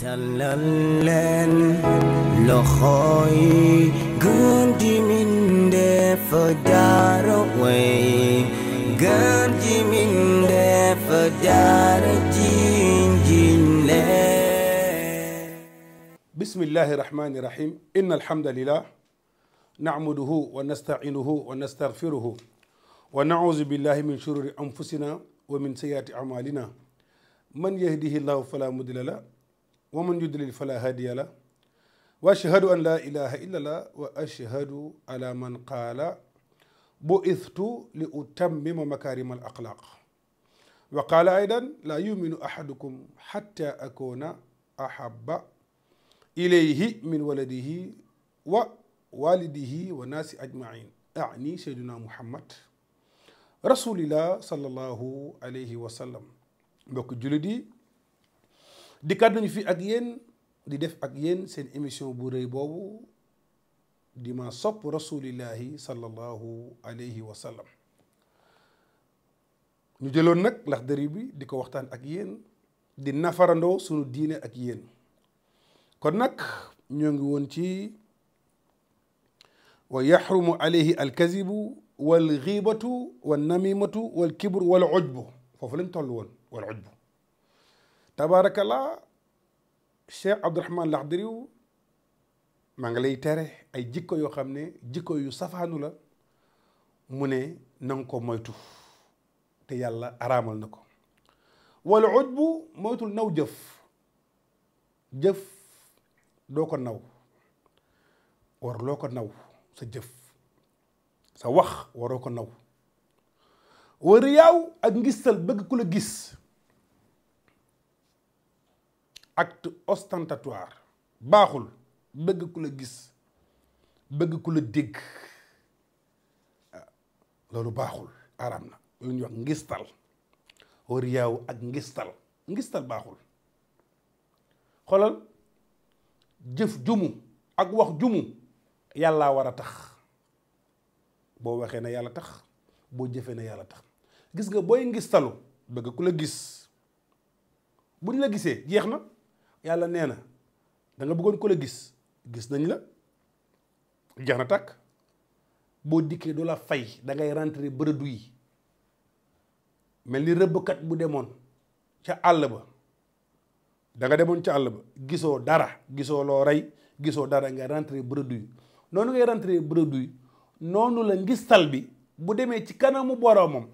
tàllal leen loxo yi gën di mindeef daara way gën di mindeef daara jinjin leen bismillahi rahmani rahim inna alhamdulillah nacmuduhu wa nastacinuhu wa nastagfiruhu wa nacuudu billahi min shururi anfusina wa min sayyiaati acmaalina man yahdihi llahu fala mudilla lah wa man yudlil fala hadiya la wa ashhadu an la ilaha illa allah wa ashhadu ala man qaala buithtu li utammima makarima al axlaq wa qaala aydan laa yuminu ahadukum xatta akoona ahaba ilayhi min waladihi wa walidihi wa naasi ajmain ani seyduna muhammad rasulillah sallallahu alayhi wa sallam mbokk jullit yi dikkaat nañu fii ak yéen di def ak yéen seen émission bu rëy boobu di ma sopp rasulillahi sallallahu alayhi wa sallam ñu jëloon nag lax dëri bi di ko waxtaan ak yéen di nafarandoo sunu diine ak yéen kon nag ñoo ngi woon ci wa yaxrumu alayhi alkazibu wal xiibatu wal namimatu wal kibru wal ujbu foofu lañ toll woon wal ujbu tabaarakallaa Cheikh Abdourahman Laxdariw maa ngi lay tere ay jikko yoo xam ne jikko yu safaanu la mu ne na ko moytu te yàlla araamal na ko wala ujbu moytul naw jëf jëf doo ko naw war loo ko naw sa jëf sa wax waroo ko naw wa riyaaw ak ngistal bëgg ku la gis acte ostentatoire baaxul bëgg ku la gis bëgg ku la dégg ah, loolu baaxul araam na lu ñuy wax ngistal wariyaaw ak ngistal ngistal baaxul xoolal jëf jumu ak wax jumu yàlla war a tax boo waxee na yàlla tax boo jëfee na yàlla tax gis nga booy ngistalu bëgg ku la gis buñ la gisee jeex na yàlla nee na da nga ko la gis gis nañ la jeex na takk boo dikkee du la fay da ngay rentré bërëdu yi mel ni rëbbkat bu demoon ca àll ba danga demoon ca àll ba gisoo dara gisoo loo rey gisoo dara ngay rentré bërëdu yi noonu ngay rentré bërëdu yi noonu la ngistal bi bu demee ci kanamu boromam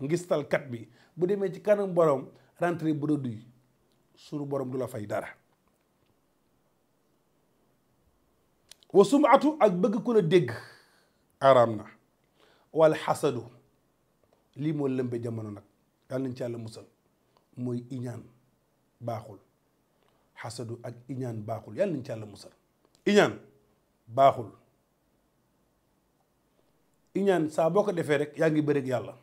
ngistalkat bi bu demee ci kanamu borom rentré bërëdu yi sunu borom du la fay dara wa atu ak bëgg ku la dégg araam na wal xasadu lii moo lëmbe jamono nag yàlla nañ ci yàlla musal mooy iñaan baaxul xasadu ak iñaan baaxul yàlla nañ ci yàlla musal iñaan baaxul iñaan saa boo ko defee rek yaa yàlla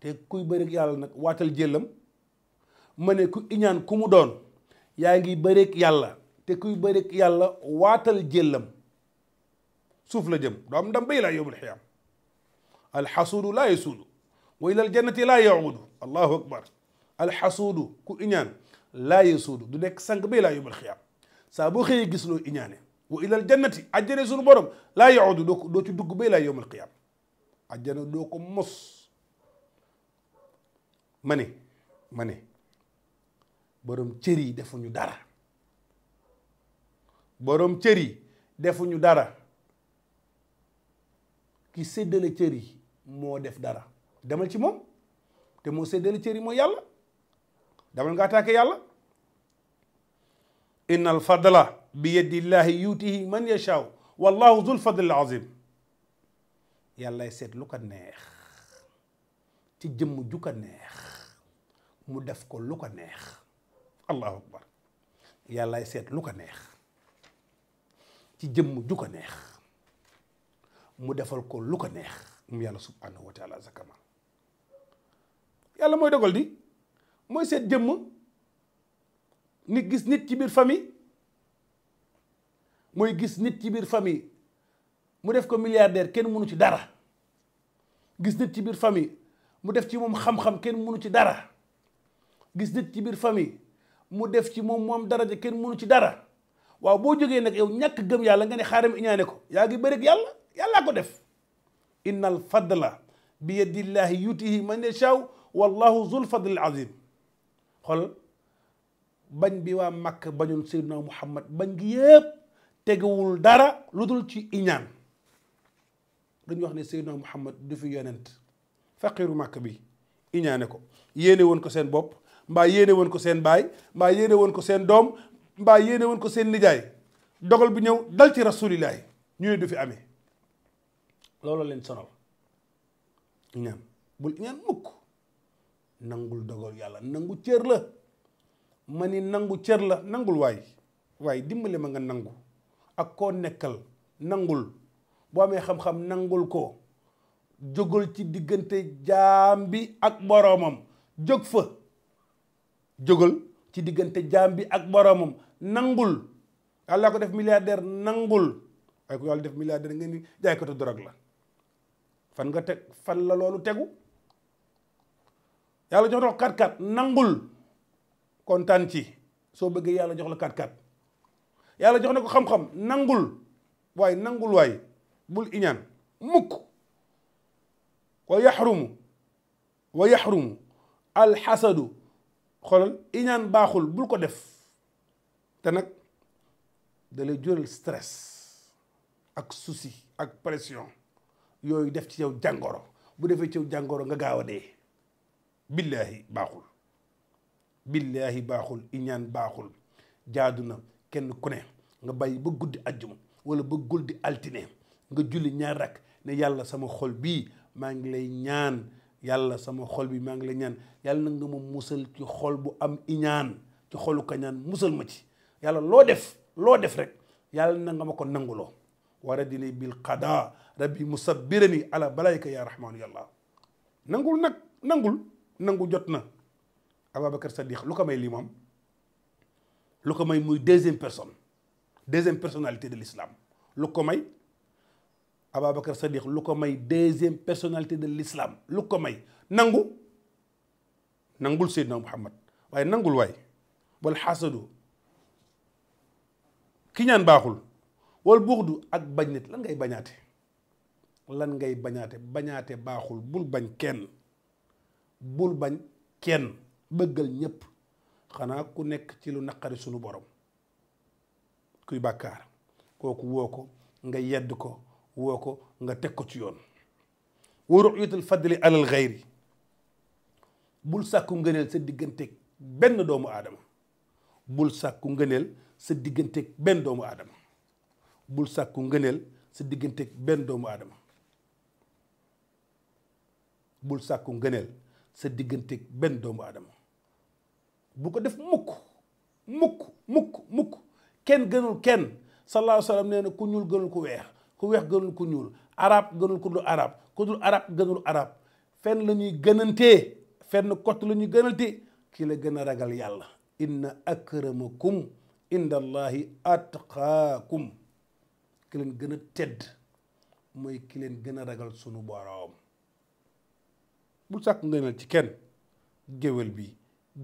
te kuy bëreeg yàlla nag waatal jëlam ma ne ku iñaan ku mu doon yaa ngi bëreeg yàlla te kuy bëreeg yàlla waatal jëllam suuf la jëm doo am ndam bay laa yowmal xiyaam alxasuudu laa yasuudu wa ilal jannati laa yaudu allahu akbar alxasuudu du nekk sànq bay laa yom xiyaam saa boo xëyee gis loo iñaane wa ilal jannati ajjane suñu borom laa yaudu doo doo ci dugg bay laa yowmal xiyaam ajjana doo ko mos ma ne borom cër yi defuñu dara borom cër yi defuñu dara ki séddale cër yi moo def dara demal ci moom te moo séddale cër yi mooy yàlla demal nga attaqué yàlla inna al fadla bi yadillahi yutihi man yashaw wallahu zul fadl al azim yàllay seet lu ko neex ci jëmm ju ko neex mu def ko lu ko neex allahu akbar yàllaay seet lu ko neex ci jëmm ju ko neex mu defal ko lu ko neex mu yàlla subhanahu wa taala yàlla mooy dogal di mooy seet jëmm nit gis nit ci biir famille mooy gis nit ci biir famille mu def ko milliardaire kenn mënu ci dara gis nit ci biir famille mu def ci moom xam-xam kenn mënu ci dara gis nit ci biir famille mu def ci moom moom daraja kenn mënu ci dara waaw boo jógee nag yow ñàkk gëm yàlla nga ne xaaram iñaane ko yaa gi bëri ak yàlla yàllaa ko def inna al fadla bi yadillahi yutihi man yashaw wallahu zul fadlil azim xool bañ bi waa Makka bañoon Seydina Muhammad bañ gi yëpp tegewul dara lu dul ci iñaan dañu wax ne Seydina Muhammad du fi yonent faqiru Makka bi iñaane ko yéene woon ko seen bopp mbaa yéene woon ko seen baay mbaa yéene woon ko seen doom mbaa yéene woon ko seen nijaay dogal bi ñëw dal ci rasulillahi ñu ne du fi amee loolu leen sonal ñaan bul ñaan mukk nangul dogal yàlla nangu cër la ma ni nangu cër la nangul waay waaye dimbale ma nga nangu ak koo nekkal nangul boo amee xam-xam nangul ko jógal ci diggante jaam bi ak boroomam jóg fa jógal ci diggante jaam bi ak boroomam nangul yàlla ko def milliardaire nangul waaye ku yàlla def milliardaire ngeen ni jaaykatu drogue la fan nga fan la loolu tegu yàlla jox la kat kat nangul kontaan ci soo bëggee yàlla jox la kat kat yàlla jox na ko xam-xam nangul waaye nangul waaye bul iñaan mukk wa yaxrumu wa yaxrumu alxasadu xoolal iñaan baaxul bul ko def te nag da lay jural stress ak souci ak pression yooyu def ci yow jàngoro bu defee ci yow jàngoro nga gaaw a dee billaahi baaxul billaahi baaxul iñaan baaxul jaadu na kenn ku ne nga bàyyi ba guddi ajjuma wala ba guddi altine nga julli ñaar rak ne yàlla sama xol bii maa ngi lay ñaan yàlla sama xol bi maa ngi la ñaan yàlla na nga ma musal ci xol bu am iñaan ci xolu kañaan musal ma ci yàlla loo def loo def rek yàlla na nga ma ko nanguloo waradini bil qada rabbi musabbirani ala balayka ya rahmaanu yàlla nangul nag nangul nangu jot na Ababacar Sadiq lu ko may lii moom lu ko may muy deuxième personne deuxième personnalité de l'islam lu ko may Ababacar Sadiq lu ko may deuxième personnalité de lislaam lu ko may nangu nangul Seydina Muhammad waaye nangul waay wal xasadu ki ñaan baaxul wal buxdu ak bañ nit lan ngay bañaate lan ngay bañaate bañaate baaxul bul bañ kenn bul bañ kenn bëggal ñépp xanaa ku nekk ci lu naqari sunu borom kuy bàkkaar kooku woo ko nga yedd ko woo ko nga teg ko ci yoon wa ruyatul fadli alal xayri bul sàkku ngëneel sa digganteeg benn doomu aadama bul sàkku ngëneel sa digganteeg benn doomu aadama bul sàkku ngëneel sa digganteeg benn doomu aadama bul sàkku ngëneel sa digganteeg benn doomu aadama bu ko def mukk mukk mukk mukk kenn gënul kenn sallallahu alayhi wa nee na ku ñuul gënul ko weex ku weex gënul ku ñuul arab gënul ku dul arab ku dul arab gënul arab fenn la ñuy gënantee fenn kott la ñuy gënantee ki la gën a ragal yàlla inna akramakum inda allahi atqaakum ki leen gën a tëdd mooy ki leen gën a ragal sunu boroom bu sàkk ngëneel ci kenn géwél bi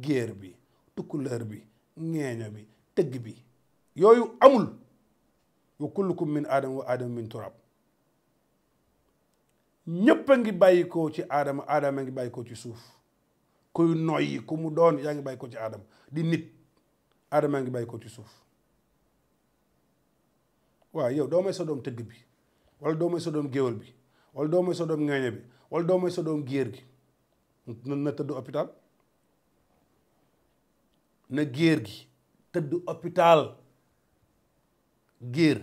géer bi tukkuleer bi ngeena bi tëgg bi yooyu amul wa kullukum min aadama ngi bàyyikoo ci aadama aadama a ngi bàyyikoo ci suuf kuy yaa ngi bàyyikoo ci aadama di nit aadama a ngi bàyyikoo ci suuf waaw yow doo may sa doom tëgg bi wala doo may sa doom géwél bi wala doo may sa doom ŋeeñe bi wala doo may sa doom géer gi na tëdd hôpital na géer gi tëdd hôpital géer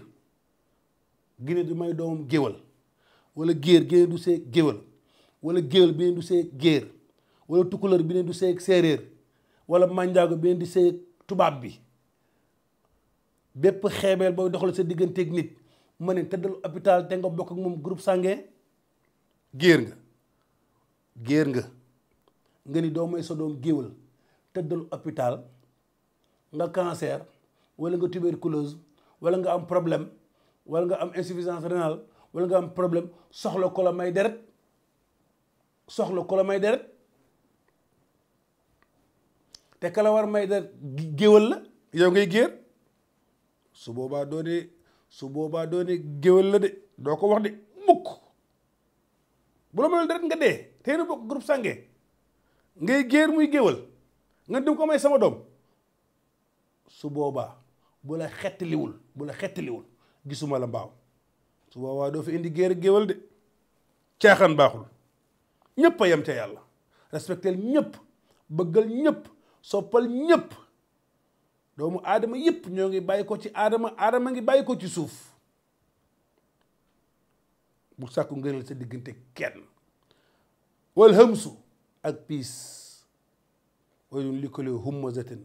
gine du may doom géwal wala géer gine du see géwal wala géwal bi ne du see géer wala tukkulër bi ne du see séeréer wala mànjaago bi ne du see tubaab bi bépp xeebeel booy doxal sa digganteeg nit ma ne tëddal hôpital te nga bokk ak moom groupe sanguin géer nga géer nga nga ni doo may sa doom géwal tëddal hôpital nga cancer wala nga tuberculose wala nga am problème wala nga am insuffisance rénale wala nga am problème soxla ko la may deret soxla ko la may deret te kala war may deret géwal la yow ngay géer su boobaa doo ne su boobaa doo ne géwal la de doo ko wax de mukk bu la mayul deret nga dee tey na bokk groupe sànge ngay géer muy géwal nga dim ko may sama doom su boobaa bu la xettaliwul bu gisuma la mbaaw su boobaa doo fi indi géer géwal de caaxaan baaxul ñëpp a yem ca yàlla respectel ñëpp bëggal ñëpp soppal ñëpp doomu aadama yëpp ñoo ngi bàyyi ko ci aadama aadama ngi bàyyi ko ci suuf bu sàkku ngënal sa diggante kenn wal hamsu ak piis wayun li ko lee hummazatin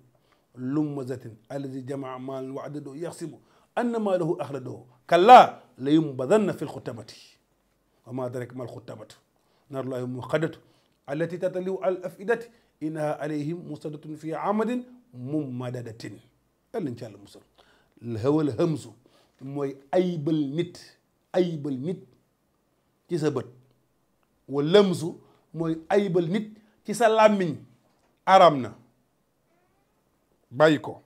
لمزة الذي جمع مالا وعدده يحسب أن ماله أخلده كلا لينبذن في الختامة وما أدرك ما الختامة نار الله موقدة التي تتلو على الأفئدة إنها عليهم مسدة في عمد ممددة yàlla nañ ci yàlla musal hawal hamzu mooy aybal nit aybal nit ci sa bët wa lamzu mooy aybal nit ci sa làmmiñ araam na bàyyi ko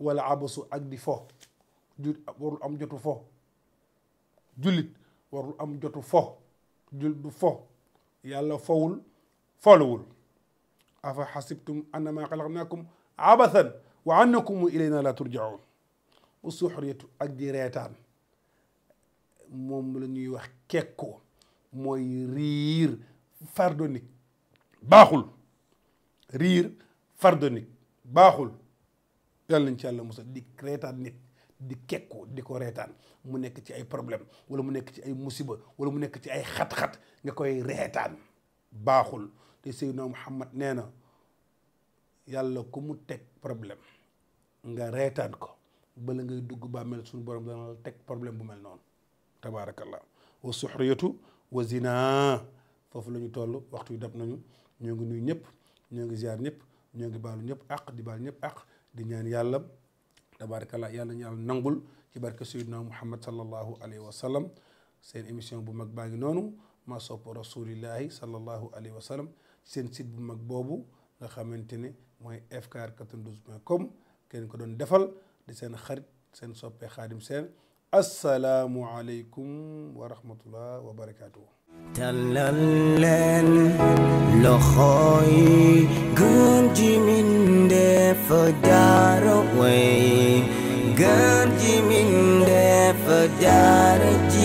wala abasu ak di fo warul am jotu fo jullit warul am jotu fo jul du fo fowul folowul afa xasibtum annama xalaqnaakum abathan wa annakum ilayna la turjaun suxriyatu ak di reetaan moom la ñuy wax kekkoo mooy riir fardonique baaxul riir fardonique baaxul yàlla nañ ci yàlla musal di reetaan nit di kekku di ko reetaan mu nekk ci ay problème wala mu nekk ci ay musiba wala mu nekk ci ay xat-xat nga koy reetaan baaxul te Seydina Muhammad nee na yàlla ku mu teg problème nga reetaan ko bala ngay dugg bàmmeel suñu borom dana la teg problème bu mel noonu tabaarakallah wa suxriyatu wa zina foofu la ñu toll waxtu yu dab nañu ñoo ngi nuyu ñëpp ñoo ngi ziar ñëpp ñoo ngi baalu ñëpp àq di baal ñëpp àq di ñaan yàlla tabaarakallah yàlla ñu yàlla nangul ci barke sayyidina muhammad sallallahu alayhi wa sallam seen émission bu mag baa ngi noonu ma sopp rasulillahi sallallahu alayhi wa sallam seen site bu mag boobu nga xamante ne mooy fkr 92 point com kenn ko doon defal di seen xarit seen soppe xaadim seen assalaamu aleykum wa rahmatullah wa barakaatu. tàllal leen loxo yi gën ji mindeef jaara way gën ji mindeef jaara